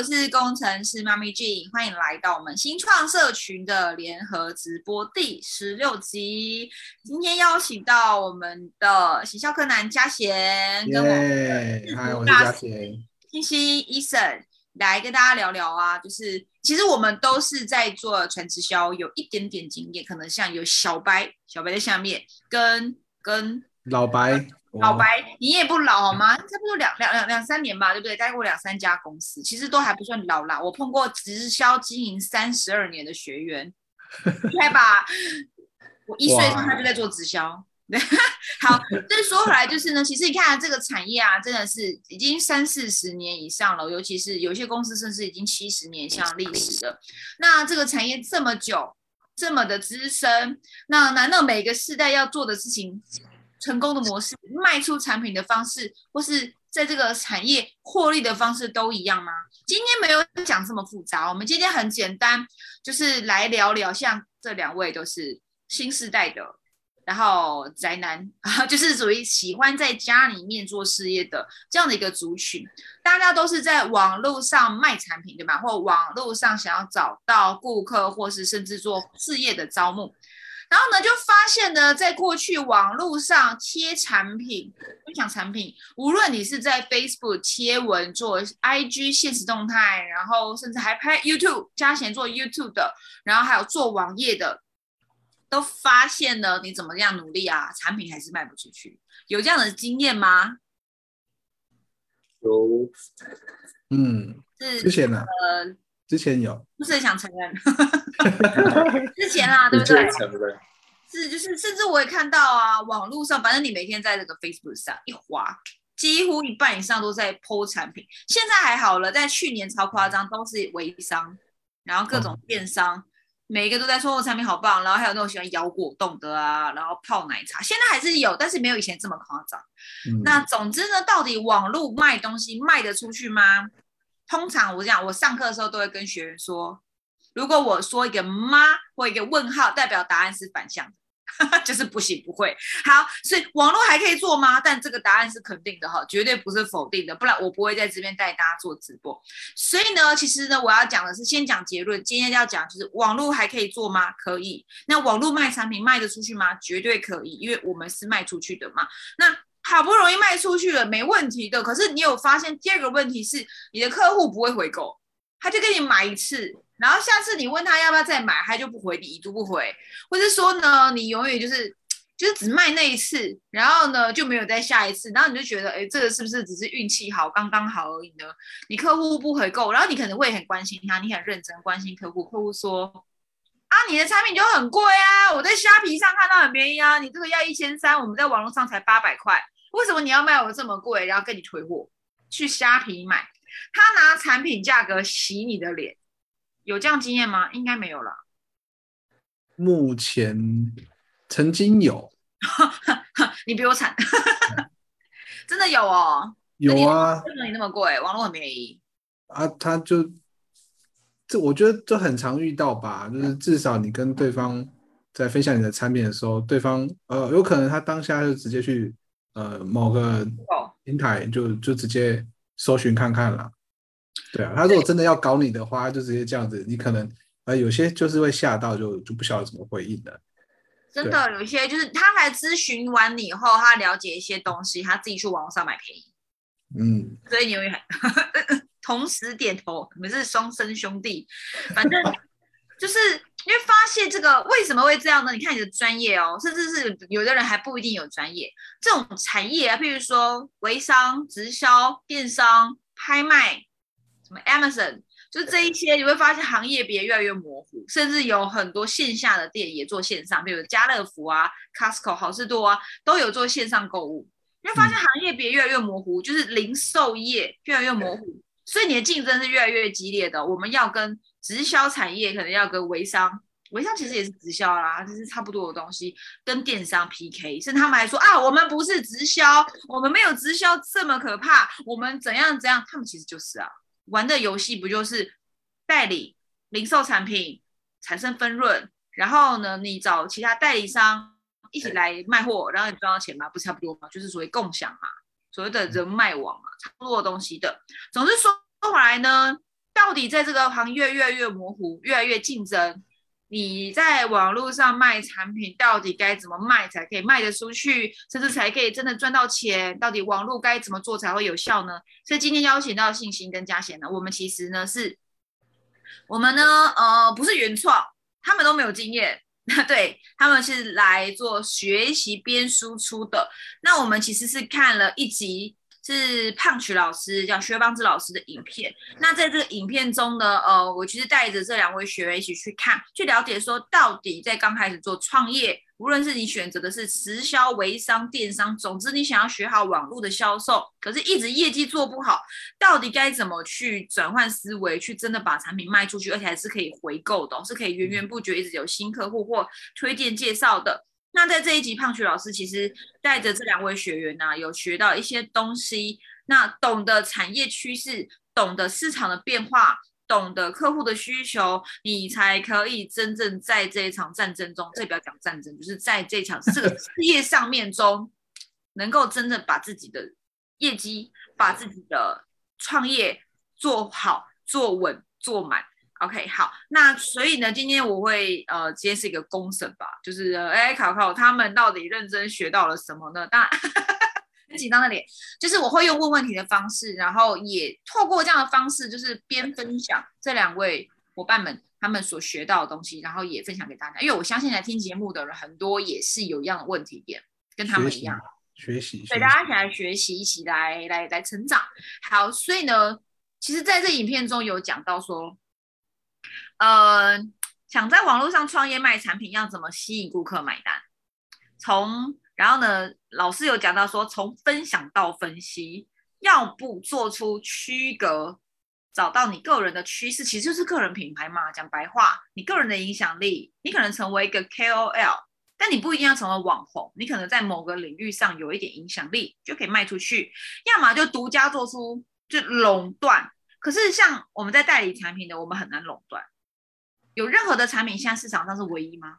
我是工程師媽咪 G，in, 歡迎來到我們新創社群的聯合直播第十六集。今天邀請到我們的行銷科男家弦，yeah, 跟我們，Hi, 大家師好，我是家弦，信鑫 Eason 來跟大家聊聊啊，就是其實我們都是在做傳直銷，有一點點經驗，可能像有小白、小白在下面，跟跟老白。呃老白，你也不老好嗎？差不多兩兩兩兩三年吧，對不對？待過兩三家公司，其實都還不算老啦。我碰過直銷經營三十二年的學員，厲害吧？我一歲上他就在做直銷。哇 好，這說回來就是呢，其實你看這個產業啊，真的是已經三四十年以上了，尤其是有些公司甚至已經七十年像歷史了。那這個產業這麼久，這麼的資深，那難道每個世代要做的事情？成功的模式、賣出產品的方式，或是在這個產業獲利的方式都一樣嗎？今天沒有講這麼複雜，我們今天很簡單，就是來聊聊，像這兩位都是新世代的，然後宅男，啊，就是屬於喜歡在家裡面做事業的這樣的一個族群。大家都是在網絡上賣產品，對吧？或網絡上想要找到顧客，或是甚至做事業的招募。然後呢，就發現呢，在過去網絡上貼產品、分享產品，無論你是在 Facebook 貼文做 IG 限時動態，然後甚至還拍 YouTube 加錢做 YouTube 的，然後還有做網頁的，都發現了你怎麼樣努力啊，產品還是賣不出去。有這樣的經驗嗎？有，嗯，是謝謝呢呃。之前有，不是想承認，之前啦、啊， 對不對？是就是，甚至我也看到啊，網絡上，反正你每天在這個 Facebook 上一滑，幾乎一半以上都在 po 產品，現在還好了，在去年超誇張，都是微商，然後各種電商，嗯、每一個都在說：“我產品好棒。”然後還有那種喜歡搖果凍的啊，然後泡奶茶。現在還是有，但是沒有以前這麼誇張。嗯、那總之呢，到底網絡賣東西賣得出去嗎？通常我這樣，我上課的時候都會跟學員說，如果我說一個嗎或一個問號，代表答案是反向的，呵呵，就是不行、不會。好，所以網絡還可以做嗎？但這個答案是肯定的哈，絕對不是否定的，不然我不會在這邊帶大家做直播。所以呢，其實呢，我要講的是先講結論，今天要講就是網絡還可以做嗎？可以。那網絡賣產品賣得出去嗎？絕對可以，因為我們是賣出去的嘛。那好不容易賣出去了，沒問題的。可是你有發現，第二個問題是你的客戶不會回購，他就給你買一次，然後下次你問他要不要再買，他就不回你，已讀不回。或者說呢，你永遠就是就是只賣那一次，然後呢就沒有再下一次，然後你就覺得，哎、欸，這個是不是只是運氣好剛剛好而已呢？你客戶不回購，然後你可能會很關心他，你很認真關心客戶。客戶說，啊，你的產品就很貴啊，我在蝦皮上看到很便宜啊，你這個要一千三，我們在網絡上才八百塊。為什麼你要賣我這麼貴？然後跟你退貨？去蝦皮買，他拿產品價格洗你的臉，有這樣經驗嗎？應該沒有了。目前曾經有， 你比我慘， 真的有哦，有啊，為什麼你那麼貴？網絡很便宜啊，他就這，我覺得這很常遇到吧。就是至少你跟對方在分享你的產品的時候，嗯嗯、對方呃，有可能他當下就直接去。呃，某個平台就就直接搜尋看看了。對啊，他如果真的要搞你的話，對就直接這樣子。你可能呃有些就是會嚇到就，就就不曉得怎麼回應的。真的有一些就是他來諮詢完你以後，他了解一些東西，他自己去網上買便宜。嗯。所以你會同時點頭，我們是雙生兄弟。反正就是。 你會發現這個為什麼會這樣呢？你看你的專業哦，甚至是有的人還不一定有專業，這種產業啊，譬如說微商、直銷、電商、拍賣，什麼 Amazon，就是這一些，你會發現行業別越來越模糊，甚至有很多線下的店也做線上，比如家樂福啊、Costco、好市多啊，都有做線上購物。嗯、你會發現行業別越來越模糊，就是零售業越來越模糊，嗯、所以你的競爭是越來越激烈的。我們要跟。直銷產業可能要跟微商，微商其實也是直銷啦，就是差不多的東西，跟電商 PK，甚至他們還說啊，我們不是直銷，我們沒有直銷這麼可怕，我們怎樣怎樣，他們其實就是啊，玩的遊戲不就是代理零售產品產生分潤，然後呢，你找其他代理商一起來賣貨，對然後你賺到錢嘛，不是差不多嘛？就是所謂共享嘛，所謂的人脈網嘛，嗯、差不多的東西的。總之說回來呢。到底在這個行業越來越模糊，越來越競爭，你在網絡上賣產品到底該怎麼賣才可以賣得出去，甚至才可以真的賺到錢？到底網絡該怎麼做才會有效呢？所以今天邀請到信鑫跟家弦呢，我們其實呢是，我們呢呃不是原創，他們都沒有經驗，那對他們是來做學習邊輸出的。那我們其實是看了一集。是胖曲老師，叫薛邦之老師的影片。那在這個影片中呢，呃，我其實帶着這兩位學員一起去看，去了解說，到底在剛開始做創業，無論是你選擇的是直銷、微商、電商，總之你想要學好網絡的銷售，可是一直業績做不好，到底該怎麼去轉換思維，去真的把產品賣出去，而且還是可以回購的哦，是可以源源不絕一直有新客戶或推薦介紹的。那在這一集，胖雪老師其實帶着這兩位學員呢、啊，有學到一些東西。那懂得產業趨勢，懂得市場的變化，懂得客戶的需求，你才可以真正在這一場戰爭中（這不要講戰爭，就是在這一場這個事業上面中）， 能夠真正把自己的業績、把自己的創業做好、做穩、做滿。OK，好，那所以呢，今天我會呃，直接是一個公審吧，就是 AI、欸、考考他們到底認真學到了什麼呢？當然， 很緊張的臉，就是我會用問問題的方式，然後也透過這樣的方式，就是邊分享這兩位夥伴們他們所學到的東西，然後也分享給大家，因為我相信來聽節目的人很多也是有一樣的問題點，跟他們一樣學習，所以大家想學一起來學習，一起來來來成長。好，所以呢，其實在這影片中有講到說，呃，想在網絡上創業賣產品，要怎麼吸引顧客買單？從，然後呢，老師有講到說，從分享到分析，要不做出區隔，找到你個人的趨勢，其實就是個人品牌嘛。講白話，你個人的影響力，你可能成為一個 KOL，但你不一定要成為網紅，你可能在某個領域上有一點影響力，就可以賣出去。要麼就獨家做出就壟斷，可是像我們在代理產品的，我們很難壟斷。有任何的產品現在市場上是唯一嗎？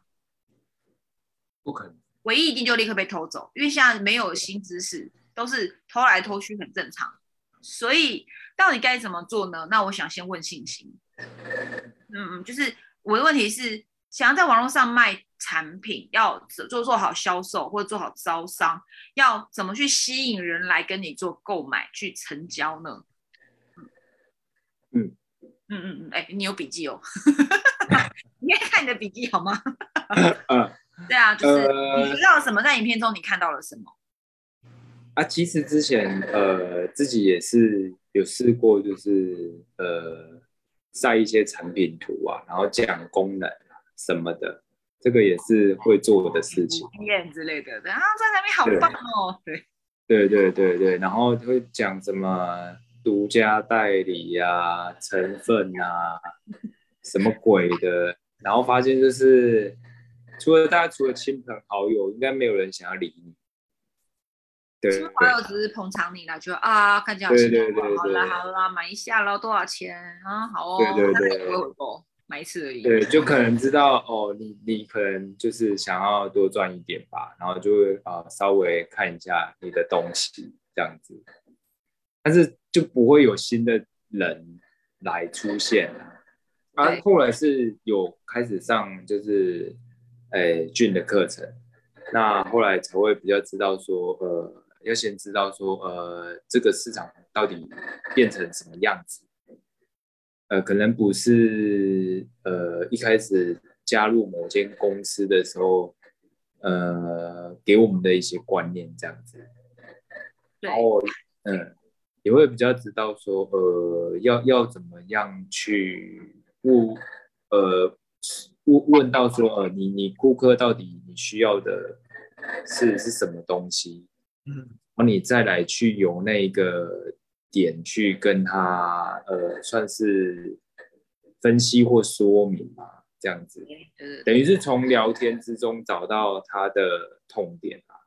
不可能，唯一一定就立刻被偷走，因為現在沒有新知識，都是偷來偷去很正常。所以到底該怎麼做呢？那我想先問信鑫。嗯，就是我的問題是，想要在網絡上賣產品，要做做好銷售或者做好招商，要怎麼去吸引人來跟你做購買去成交呢？嗯。嗯嗯嗯嗯，哎、欸，你有筆記哦， 你可以看你的筆記好嗎？ 嗯， 對啊，就是、呃、你知道什麼在影片中你看到了什麼？啊，其實之前呃自己也是有試過，就是呃曬一些產品圖啊，然後講功能啊什麼的，這個也是會做的事情，經驗之類的。對、然後，在那邊好棒哦，對，對對對對，然後會講什麼？獨家代理呀、啊，成分啊，什麼鬼的？ 然後發現就是，除了大家除了親朋好友，應該沒有人想要理你。對，親朋好友只是捧場你啦，就啊看起來好新奇、啊、好啦好啦，買一下嘍，多少錢啊？好哦，對對對我、哦，買一次而已。對，就可能知道哦，你你可能就是想要多賺一點吧，然後就會啊稍微看一下你的東西這樣子。但是就不會有新的人來出現啊，啊，後後來是有開始上就是誒、欸、俊的課程，那後來才會比較知道說，呃，要先知道說，呃，這個市場到底變成什麼樣子，呃，可能不是，呃，一開始加入某間公司的時候，呃，給我們的一些觀念這樣子，然後嗯。也會比較知道說，呃，要要怎麼樣去問，呃，問到說，呃，你你顧客到底你需要的是是什麼東西，嗯，然後你再來去由那個點去跟他，呃，算是分析或說明嘛，這樣子，等於是從聊天之中找到他的痛點啊，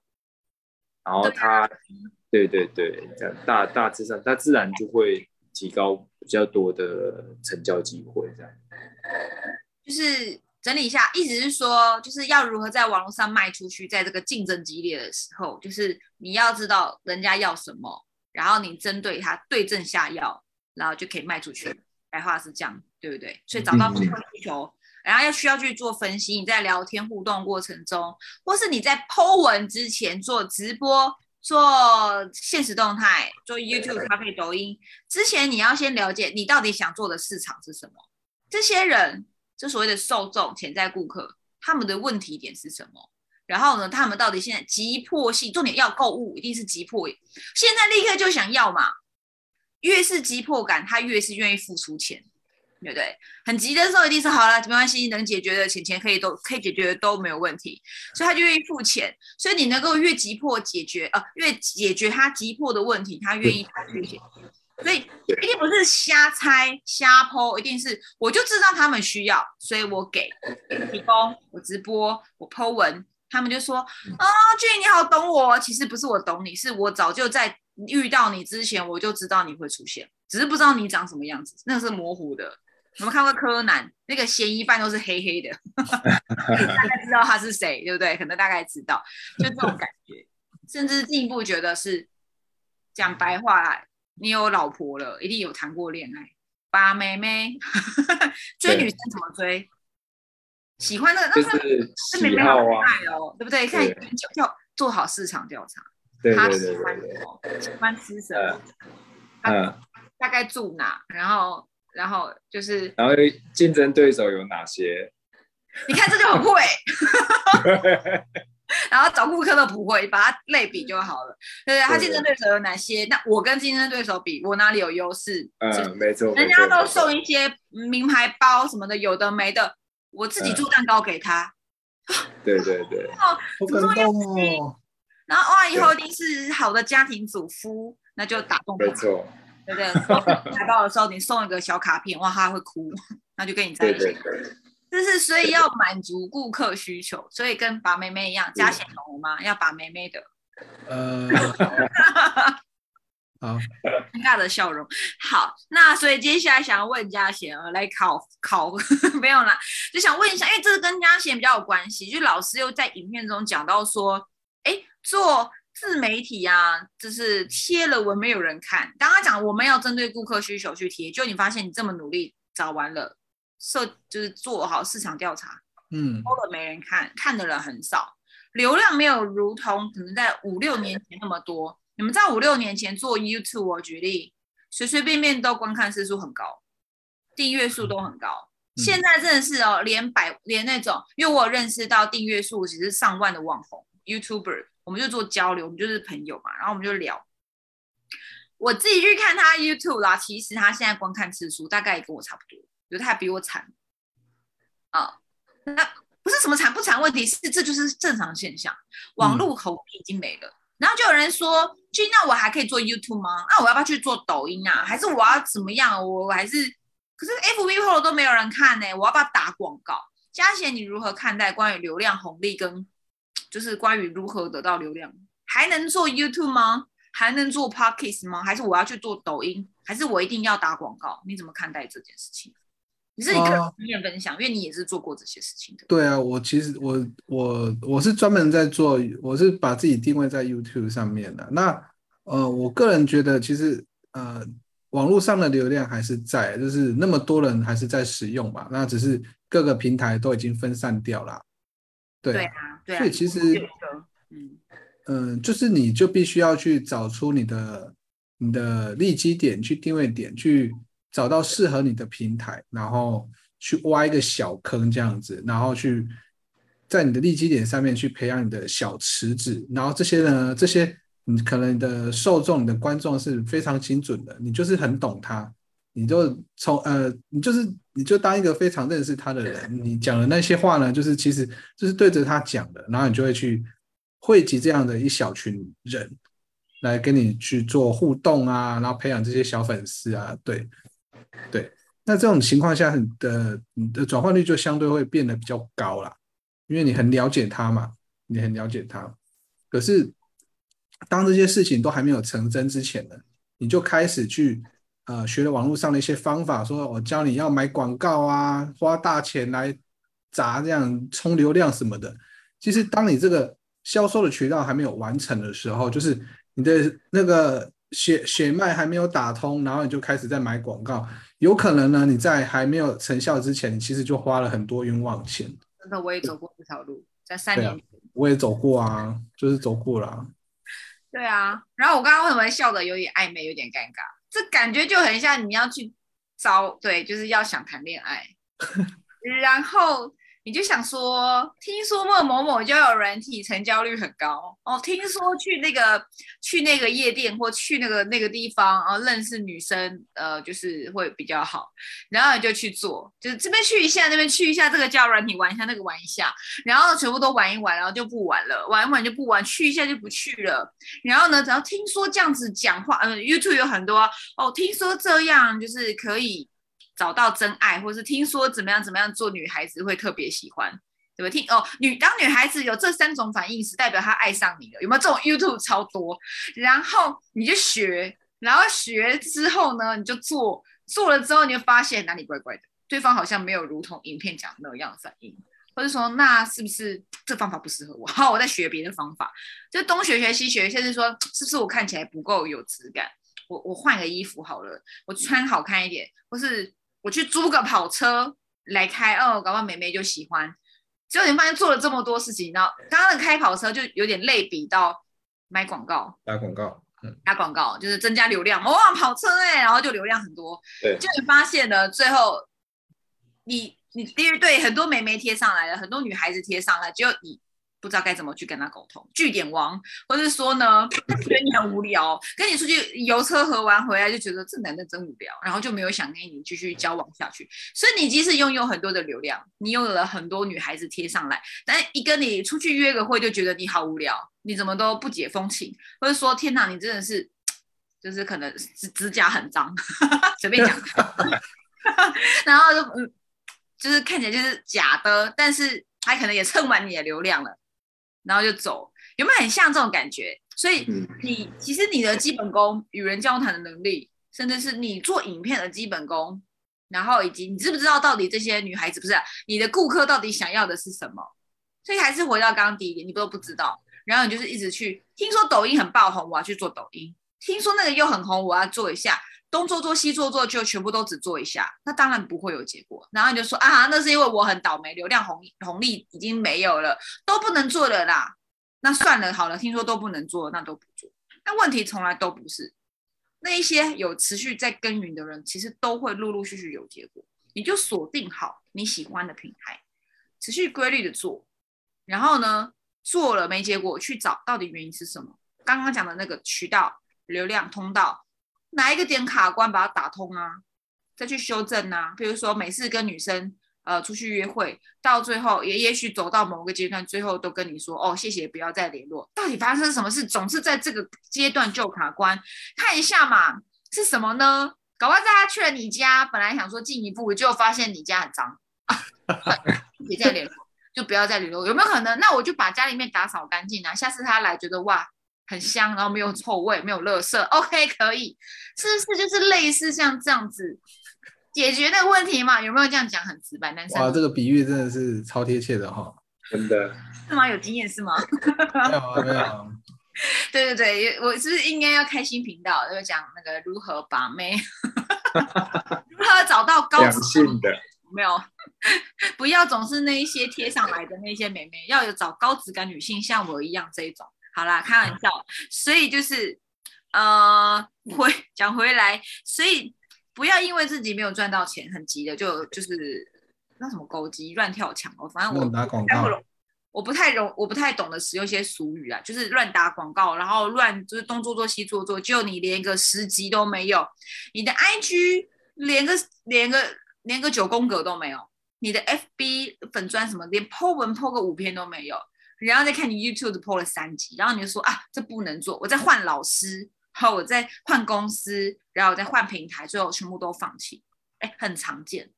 然後他。嗯嗯對對對，這樣大大致上，它自然就會提高比較多的成交機會。這樣就是整理一下，意思是說，就是要如何在網絡上賣出去，在這個競爭激烈的時候，就是你要知道人家要什麼，然後你針對他對症下藥，然後就可以賣出去。白話是這樣，對不對？所以找到需求，嗯、哼然後要需要去做分析。你在聊天互動過程中，或是你在 po 文之前做直播。做限時動態，做 YouTube、咖啡、抖音對對對之前，你要先了解你到底想做的市場是什麼。這些人，就所謂的受眾、潛在顧客，他們的問題點是什麼？然後呢，他們到底現在急迫性，重點要購物一定是急迫，現在立刻就想要嘛？越是急迫感，他越是願意付出錢。對對，很急的時候一定是好了，沒關係，能解決的錢錢可以都可以解決的，都沒有問題，所以他就願意付錢。所以你能夠越急迫解決，呃，越解決他急迫的問題，他願意他去解決。所以一定不是瞎猜瞎 Po，一定是我就知道他們需要，所以我給提供，我直播，我 Po 文，他們就說啊、呃，俊你好懂我，其實不是我懂你，是我早就在遇到你之前我就知道你會出現，只是不知道你長什麼樣子，那是模糊的。我們看過柯南，那個嫌疑犯都是黑黑的， 大概知道他是誰，對不對？可能大概知道，就這種感覺。甚至進一步覺得是講白話，你有老婆了，一定有談過戀愛把妹妹追 女生怎麼追？對喜歡的、那個，是啊、那是是妹妹好可愛哦，對不對？看對在研究做好市場調查。對對對對，他喜歡什麼？對對對，喜歡吃什麼？呃、他大概住哪？呃、然後。然後就是，然後競爭對手有哪些？你看這就很會，然後找顧客都不會，把它類比就好了。對，他競爭對手有哪些？那我跟競爭對手比，我哪裡有優勢？嗯，沒錯。人家都送一些名牌包什麼的，有的沒的，我自己做蛋糕給他。對對對。哦，感動哦。然後哇，以後一定是好的家庭主夫，那就打動他。沒錯。 對對，收到的時候，你送一個小卡片，哇，他會哭，那就跟你在一起。就是所以要滿足顧客需求，所以跟把妹妹一樣，嘉賢有嗎？要把妹妹的。呃， 好，尷 尬的笑容。好，那所以接下來想要問嘉賢、啊，來考考，考呵呵，沒有啦，就想問一下，因為這個跟嘉賢比較有關係，就老師又在影片中講到說，哎，做。自媒體呀、啊，就是貼了文沒有人看。剛剛講我們要針對顧客需求去貼，就你發現你這麼努力找完了，社就是做好市場調查，嗯，投了沒人看，看的人很少，流量沒有如同可能在五六年前那麼多。嗯、你們在五六年前做 YouTube、哦、舉例，隨隨便便都觀看次數很高，訂閱數都很高。嗯、現在真的是哦，連百連那種，因為我有認識到訂閱數只是上萬的網紅 YouTuber。我們就做交流，我們就是朋友嘛，然後我們就聊。我自己去看他 YouTube 啦，其實他現在觀看次數大概也跟我差不多，有他比我慘啊。那不是什麼慘不慘問題，是這就是正常現象。網絡紅利已經沒了，嗯、然後就有人說：“去那我還可以做 YouTube 嗎？那、啊、我要不要去做抖音啊？還是我要怎麼樣？我我還是……可是 FB PO 都沒有人看呢、欸，我要不要打廣告？”家弦，你如何看待關於流量紅利跟？就是關於如何得到流量，還能做 YouTube 嗎？還能做 Podcast 嗎？還是我要去做抖音？還是我一定要打廣告？你怎麼看待這件事情？是你是一個經驗分享，哦、因為你也是做過這些事情的。對，對啊，我其實我我我是專門在做，我是把自己定位在 YouTube 上面的。那呃，我個人覺得，其實呃，網絡上的流量還是在，就是那麼多人還是在使用嘛。那只是各個平台都已經分散掉了。對啊。對啊所以其實，嗯嗯，就是你就必須要去找出你的你的利基點，去定位點，去找到適合你的平台，然後去挖一個小坑這樣子，然後去在你的利基點上面去培養你的小池子，然後這些呢，這些你可能你的受眾、你的觀眾是非常精準的，你就是很懂他，你就從呃，你就是。你就當一個非常認識他的人，你講的那些話呢，就是其實就是對着他講的，然後你就會去匯集這樣的一小群人來跟你去做互動啊，然後培養這些小粉絲啊，對對，那這種情況下你的你的轉化率就相對會變得比較高了，因為你很了解他嘛，你很了解他，可是當這些事情都還沒有成真之前呢，你就開始去。呃，學了網絡上的一些方法，說我教你要買廣告啊，花大錢來砸這樣充流量什麼的。其實，當你這個銷售的渠道還沒有完成的時候，就是你的那個血血脈還沒有打通，然後你就開始在買廣告。有可能呢，你在還沒有成效之前，你其實就花了很多冤枉錢。真的，我也走過這條路，在三年前。對啊，我也走過啊，就是走過了、啊。 對啊，然後我剛剛為什麼笑的有點曖昧，有點尷尬？這感覺就很像你要去找，對，就是要想談戀愛， 然後。你就想說，聽說某某某交友軟體成交率很高哦，聽說去那個去那個夜店或去那個那個地方，然後、哦、認識女生，呃，就是會比較好，然後你就去做，就是這邊去一下，那邊去一下，這個交友軟體玩一下，那個玩一下，然後全部都玩一玩，然後就不玩了，玩一玩就不玩，去一下就不去了，然後呢，只要聽說這樣子講話，嗯，YouTube 有很多哦，聽說這樣就是可以。找到真愛，或是聽說怎麼樣怎麼樣做女孩子會特別喜歡，對不對？聽哦，女當女孩子有這三種反應是代表她愛上你了，有沒有？這種 YouTube 超多，然後你就學，然後學之後呢，你就做，做了之後你就發現哪裡怪怪的，對方好像沒有如同影片講的那樣的反應，或者說那是不是這方法不適合我？好，哦，我再學別的方法，就東學學西學，先是說是不是我看起來不夠有質感？我我換個衣服好了，我穿好看一點，或是。我去租個跑車來開哦，搞不好美眉就喜歡。結果你發現做了這麼多事情，然後剛剛的開跑車就有點類比到買廣告、打廣告、嗯、打廣告，就是增加流量哇、哦，跑車哎、欸，然後就流量很多。對，就你發現呢，最後你你第一對很多美眉貼上來了，很多女孩子貼上來了，就你。不知道該怎麼去跟他溝通，句點王，或者說呢，他覺得你很無聊，跟你出去遊車河玩回來就覺得這男的真無聊，然後就沒有想跟你繼續交往下去。所以你即使擁有很多的流量，你擁有了很多女孩子貼上來，但一跟你出去約個會就覺得你好無聊，你怎麼都不解風情，或者說天吶，你真的是就是可能指指甲很髒，隨 便講， 然後就嗯，就是看起來就是假的，但是他可能也蹭完你的流量了。然後就走，有沒有很像這種感覺？所以你其實你的基本功、與人交談的能力，甚至是你做影片的基本功，然後以及你知不知道到底這些女孩子不是、啊、你的顧客到底想要的是什麼？所以還是回到剛剛第一點，你都不不知道，然後你就是一直去聽說抖音很爆紅，我要去做抖音；聽說那個又很紅，我要做一下。東做做西做做，就全部都只做一下，那當然不會有結果。然後你就說啊，那是因為我很倒霉，流量紅紅利已經沒有了，都不能做了啦。那算了，好了，聽說都不能做，那都不做。那問題從來都不是，那一些有持續在耕耘的人，其實都會陸陸續續有結果。你就鎖定好你喜歡的品牌，持續規律的做。然後呢，做了沒結果，去找到底原因是什麼？剛剛講的那個渠道流量通道，哪一個點卡關，把它打通啊，再去修正啊。比如說每次跟女生呃出去約會，到最後也也許走到某個階段，最後都跟你說哦，謝謝，不要再聯絡。到底發生什麼事？總是在這個階段就卡關，看一下嘛，是什麼呢？搞不好在他去了你家，本來想說進一步，就發現你家很髒，不要再聯絡，就不要再聯絡， 有沒有可能？那我就把家裡面打掃乾淨啊，下次他來覺得哇。很香，然後沒有臭味，沒有垃圾。OK，可以，是不是就是類似像這樣子解決那個問題嘛？有沒有這樣講很直白？男生哇，這個比喻真的是超貼切的哈、哦！真的？是嗎？有經驗是嗎？ 沒有、啊、沒有。 對對對，我是應該要開新頻道，就是講那個如何把妹， 如何找到高 性的？沒有，不要總是那一些貼上來的那些美眉，對要有找高質感女性，像我一樣這一種。好啦，開玩笑，啊、所以就是，呃，回講回來，所以不要因為自己沒有賺到錢，很急的就就是那什麼狗急，亂跳牆哦、喔。反正我、嗯、打廣告我，我不太容，我不太懂得使用一些俗語啊，就是亂打廣告，然後亂就是東做做西做做，就你連個十級都沒有，你的 IG 連個連個連個九宮格都沒有，你的 FB 粉專什麼，連 Po 文 Po 個五篇都沒有。然後再看你 YouTube po 了三集，然後你就說啊，這不能做，我在換老師，然後我在換公司，然後我在換平台，最後我全部都放棄。哎，很常見，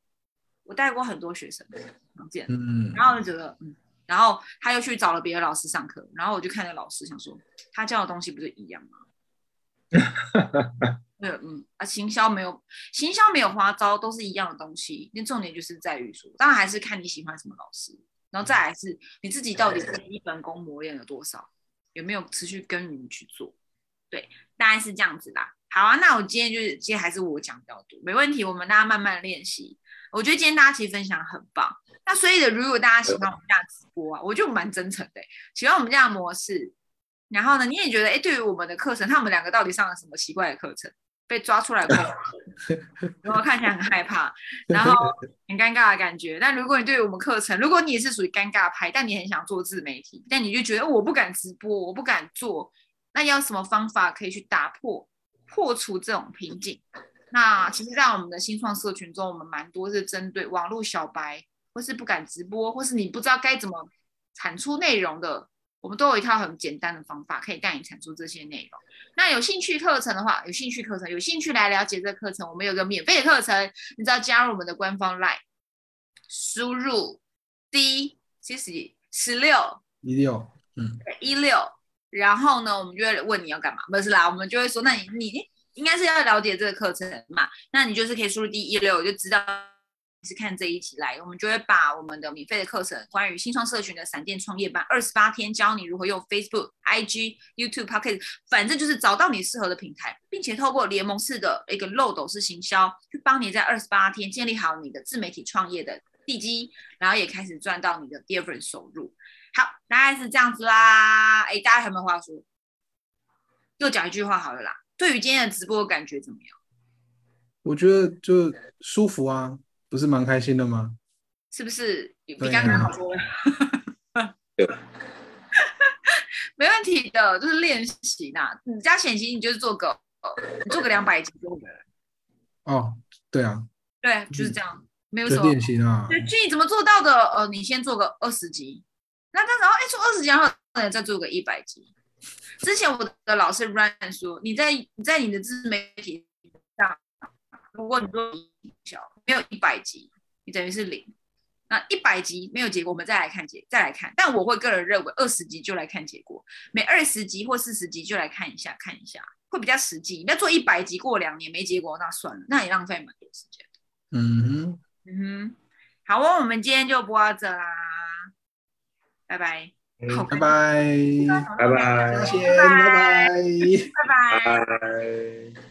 我帶過很多學生，常見。嗯，然後就覺得嗯，然後他又去找了別的老師上課，然後我就看那個老師，想說他教的東西不是一樣嗎？ 對嗯啊，行銷沒有，行銷沒有花招，都是一樣的東西。那重點就是在於說，當然還是看你喜歡什麼老師。然後再來是，你自己到底是基本功磨練了多少，有沒有持續耕耘去做？對，大概是這樣子啦。好啊，那我今天就是今天還是我講比較多，沒問題。我們大家慢慢練習。我覺得今天大家其實分享很棒。那所以的，如果大家喜歡我們這樣直播啊，我就蠻真誠的、欸，喜歡我們這樣的模式。然後呢，你也覺得哎，對於我們的課程，他們兩個到底上了什麼奇怪的課程？被抓出來過，然後看起來很害怕，然後很尷尬的感覺。那如果你對於我們課程，如果你也是屬於尷尬派，但你很想做自媒體，但你就覺得我不敢直播，我不敢做，那要什麼方法可以去打破、破除這種瓶頸？那其實，在我們的新創社群中，我們蠻多是針對網絡小白，或是不敢直播，或是你不知道該怎麼產出內容的。我們都有一套很簡單的方法，可以帶你產出這些內容。那有興趣課程的話，有興趣課程，有興趣來了解這個課程，我們有個免費的課程，你只要加入我們的官方 LINE，輸入 D 一六一六嗯一六，然後呢，我們就會問你要幹嘛？不是啦，我們就會說，那你你應該是要了解這個課程嘛？那你就是可以輸入 D 一六，就知道。是看這一期來，我們就會把我們的免費的課程，關於新創社群的閃電創業班，二十八天教你如何用 Facebook、IG、YouTube、Podcast，反正就是找到你適合的平台，並且透過聯盟式的一個漏斗式行銷，去幫你在二十八天建立好你的自媒體創業的地基，然後也開始賺到你的第二份收入。好，大概是這樣子啦。哎、欸，大家還有沒有話說？又講一句話好了啦。對於今天的直播感覺怎麼樣？我覺得就舒服啊。不是蠻開心的嗎？是不是比剛剛好多了、啊？對， 沒問題的，就是練習吶、啊。你加前期，你就是做個，你做個兩百集就 OK 了。哦，對啊，對，就是這樣，嗯、沒有什麼練習啊。就具體怎麼做到的，呃，你先做個二十集，那那然後，哎，做二十集然後，再做個一百集。之前我的老師亂說，你在在你的自媒體上，如果你做一小。沒有一百集，你等於是零。那一百集沒有結果，我們再來看結，再來看。但我會個人認為，二十集就來看結果，每二十集或四十集就來看一下，看一下會比較實際。你要做一百集過兩年沒結果，那算了，那也浪費蠻多時間。嗯哼，嗯哼，好哦，我們今天就播到這啦，拜拜，嗯、好看，拜拜，拜拜拜，拜拜，拜，拜。